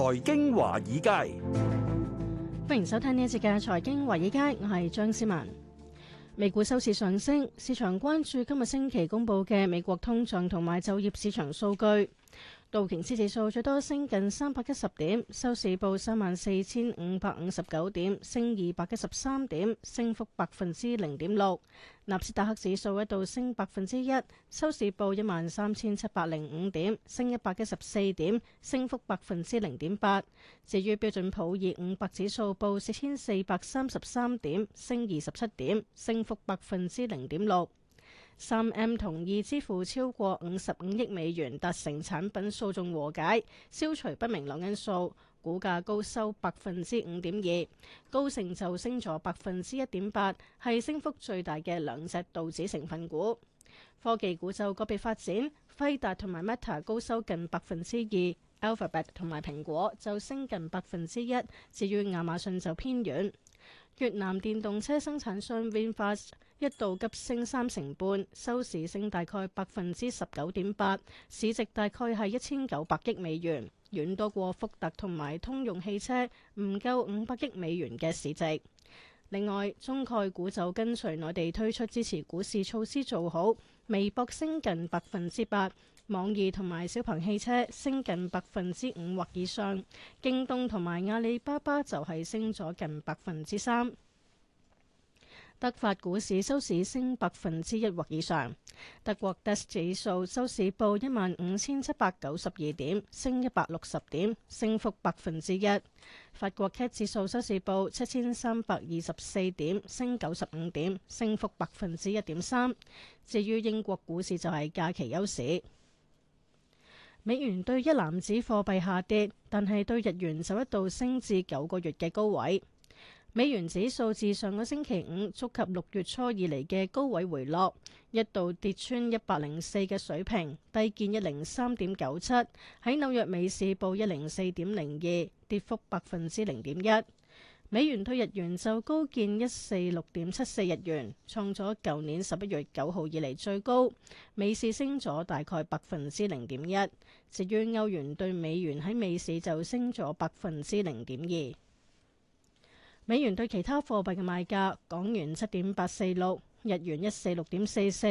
財經華爾街，歡迎收聽呢一節嘅財經華爾街，我係張思文。美股收市上升，市場關注今日星期公布嘅美國通脹同埋就業市場數據。道瓊斯指數最多升近三百一十點，收市報三萬四千五百五十九點，升二百一十三點，升幅百分之零點六。納斯達克指數一度升百分之一，收市報一萬三千七百零五點，升一百一十四點，升幅百分之零點八。至於標準普爾五百指數報四千四百三十三點，升二十七點，升幅百分之零點六。三 M 同意支付超過五十五億美元，達成產品訴訟和解，消除不明朗因素。股價高收百分之五點二，高盛就升咗百分之一點八，係升幅最大嘅兩隻道指成分股。科技股就個別發展，輝達同埋 Meta 高收近百分之二，Alphabet 同埋蘋果就升近百分之一。至於亞馬遜就偏軟。越南電動車生產商 Vinfast 一度急升三成半，收市升大概百分之十九點八，市值大概係一千九百億美元，遠多過福特同埋通用汽車唔夠五百億美元嘅市值。另外，中概股就跟隨內地推出支持股市措施做好，微博升近百分之八，網易同埋小鵬汽車升近百分之五或以上，京東同埋阿里巴巴就係升咗近百分之三。德法股市收市升百分之一或以上，德國 DAX 指數收市報一萬五千七百九十二點，升一百六十點，升幅百分之一。法國 CAC 指數收市報七千三百二十四點，升九十五點，升幅百分之一點三。至於英國股市就係假期休市。美元對一籃子貨幣下跌，但係對日元就一度升至九個月嘅高位。美元指數自上個星期五觸及六月初以嚟嘅高位回落，一度跌穿一百零四嘅水平，低見一零三點九七，喺紐約美市報一零四點零二，跌幅百分之零點一。美元兌日元就高見一四六點七四日元，創咗舊年十一月九號以嚟最高。美市升咗大概百分之零點一，至於歐元兌美元喺美市就升咗百分之零點二。美元對其他貨幣嘅賣價：港元七點八四六，日元一四六點四四，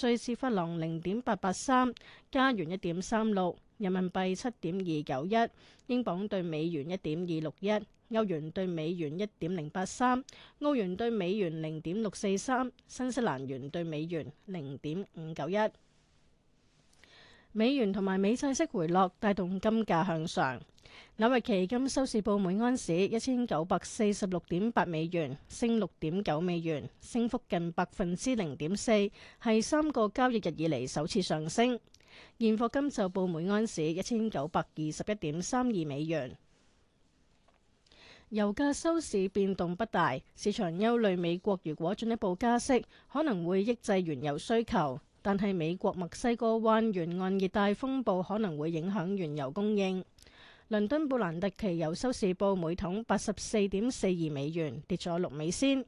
瑞士法郎零點八八三，加元一點三六，人民幣七點二九一，英鎊對美元一點二六一，歐元對美元一點零八三，澳元對美元零點六四三，新西蘭元對美元零點五九一。美元同埋美債息回落，帶動金價向上。紐約期金收市報每盎司一千九百四十六點八美元，升六點九美元，升幅近百分之零點四，係三個交易日以嚟首次上升。現貨金就報每盎司一千九百二十一點三二美元。油價收市變動不大，市場憂慮美國如果進一步加息，可能會抑制原油需求，但係美國墨西哥灣沿岸熱帶風暴可能會影響原油供應。倫敦布蘭特期油收市報每桶八十四點四二美元，跌咗六美仙。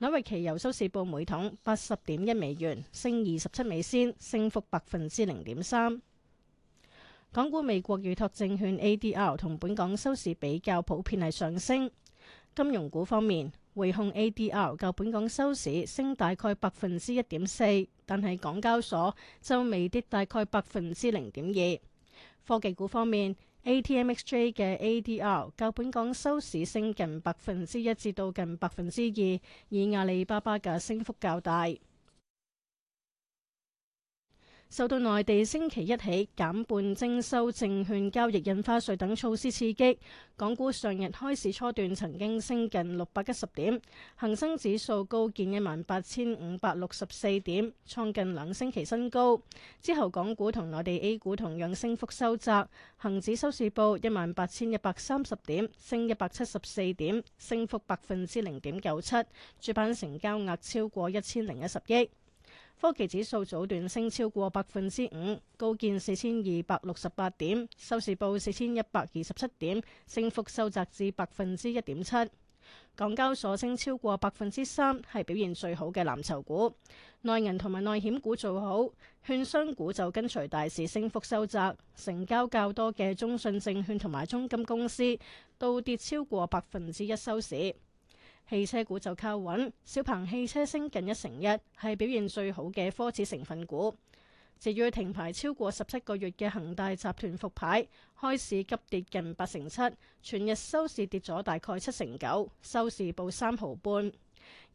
紐約期油收市報每桶八十點一美元，升二十七美仙，升幅百分之零點三。港股美國預託證券 ADR 同本港收市比較普遍係上升。金融股方面，匯控 ADR 較本港收市升大概百分之一點四，但係港交所就微跌大概百分之零點二。科技股方面。ATMXJ 嘅 ADR 較本港收市升近百分之一至到近百分之二，以阿里巴巴嘅升幅較大。受到內地星期一起減半徵收證券交易印花稅等措施刺激，港股上日開市初段曾經升近六百一十點，恒生指數高見一萬八千五百六十四點，創近兩星期新高。之後，港股同內地 A 股同樣升幅收窄，恒指收市報一萬八千一百三十點，升一百七十四點，升幅百分之零點九七，主板成交額超過一千零一十億。科技指數早段升超過百分之五，高見四千二百六十八點，收市報四千一百二十七點，升幅收窄至百分之一點七。港交所升超過百分之三，係表現最好嘅藍籌股。內銀同埋內險股做好，券商股就跟隨大市升幅收窄。成交較多嘅中信證券同埋中金公司，倒跌超過百分之一收市。汽車股就靠穩，小鵬汽車升近一成一，係表現最好嘅科指成分股。至於停牌超過十七個月嘅恒大集團復牌，開市急跌近八成七，全日收市跌咗大概七成九，收市報三毫半。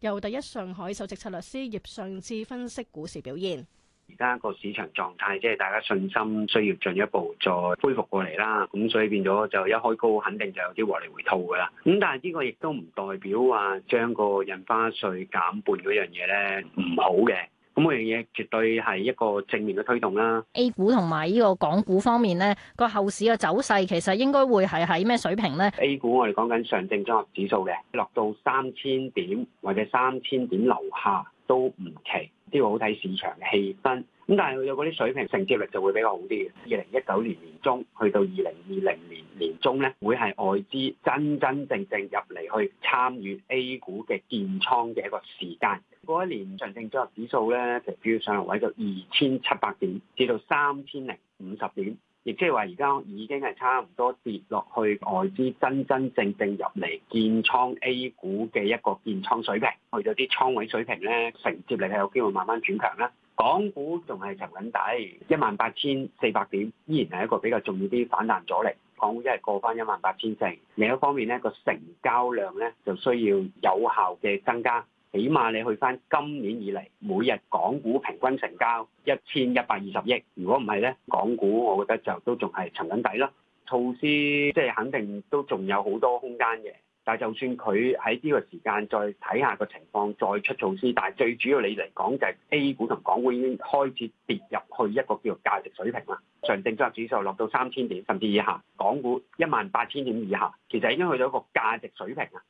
由第一上海首席策略師葉尚志分析股市表現。而家個市場狀態，即係大家信心需要進一步再恢復過嚟啦。咁所以變咗就一開高，肯定就有啲獲利回吐㗎啦。咁但係呢個亦都唔代表話將個印花稅減半嗰樣嘢咧唔好嘅。咁嗰樣嘢絕對係一個正面嘅推動啦。A 股同埋呢個港股方面咧，個後市嘅走勢其實應該會係喺咩水平咧？A 股我哋講緊上證綜合指數嘅，落到三千點或者三千點樓下。都唔奇，呢個好睇市場氣氛。咁但係有嗰啲水平承接力就會比較好啲嘅。二零一九年年中去到二零二零年年中咧，會係外資真真正正入嚟去參與 A 股嘅建倉嘅一個時間。嗰一年上證綜合指數咧，其實上行位到二千七百點至到三千零五十點。亦即係話，而家已經係差唔多跌落去外資真真正正入嚟建倉 A 股嘅一個建倉水平，去到啲倉位水平咧，承接力係有機會慢慢轉強啦。港股仲係沉緊底，一萬八千四百點依然係一個比較重要啲反彈阻力。港股一係過翻一萬八千四，另一方面咧，個成交量咧就需要有效嘅增加。起碼你去翻今年以嚟每日港股平均成交一千一百二十億，如果唔係呢，港股我覺得就都仲係沉緊底咯。措施即係肯定都仲有好多空間嘅，但係就算佢喺呢個時間再睇下個情況再出措施，但係最主要你嚟講就係 A 股同港股已經開始跌入去一個叫做價值水平啦。上證綜合指數落到三千點甚至以下，港股一萬八千點以下，其實已經去到一個價值水平啦。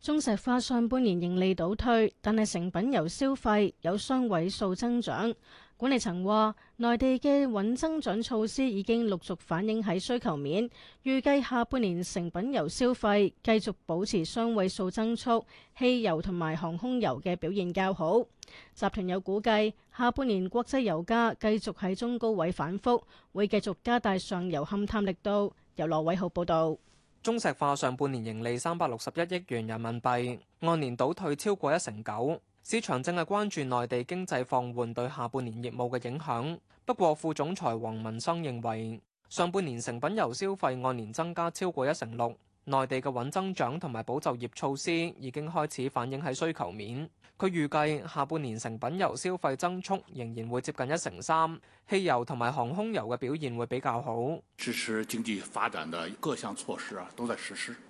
中石化上半年盈利倒退，但係成品油消費有雙位數增長。管理層話，內地嘅穩增長措施已經陸續反映喺需求面，預計下半年成品油消費繼續保持雙位數增速。汽油同埋航空油嘅表現較好。集團有估計，下半年國際油價繼續喺中高位反覆，會繼續加大上游勘探力度。由羅偉浩報道。中石化上半年盈利三百六十一億元人民幣，按年倒退超過一成九。市場正係關注內地經濟放緩對下半年業務嘅影響。不過，副總裁黃文生認為，上半年成品油消費按年增加超過一成六。內地嘅穩增長同埋保就業措施已經開始反映喺需求面。佢預計下半年成品油消費增速仍然會接近一成三，汽油同埋航空油嘅表現會比較好。支持經濟發展嘅各項措施都在實施。都在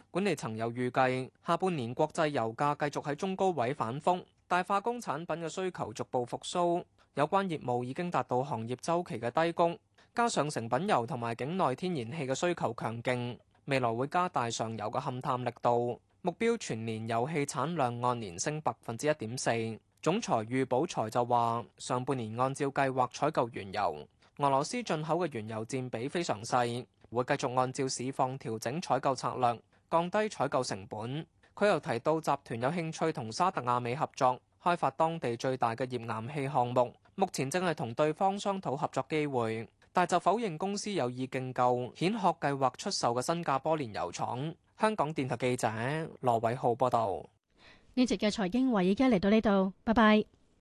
管理層又預計下半年國際油價繼續喺中高位反覆，大化工產品嘅需求逐步復甦，有關業務已經達到行業周期嘅低谷，加上成品油同埋境內天然氣嘅需求強勁，未來會加大上游嘅勘探力度。目標全年油氣產量按年升百分之一點四。總裁預保財就話：上半年按照計劃採購原油，俄羅斯進口嘅原油佔比非常細，會繼續按照市況調整採購策略。降低採購成本。佢又提到集團有興趣同沙特阿美合作開發當地最大嘅頁岩氣項目，目前正係同對方商討合作機會。但就否認公司有意競購蜆殼計劃出售嘅新加坡煉油廠。香港電台記者羅偉浩報道。呢集嘅財經華爾街已經嚟到呢度，拜拜。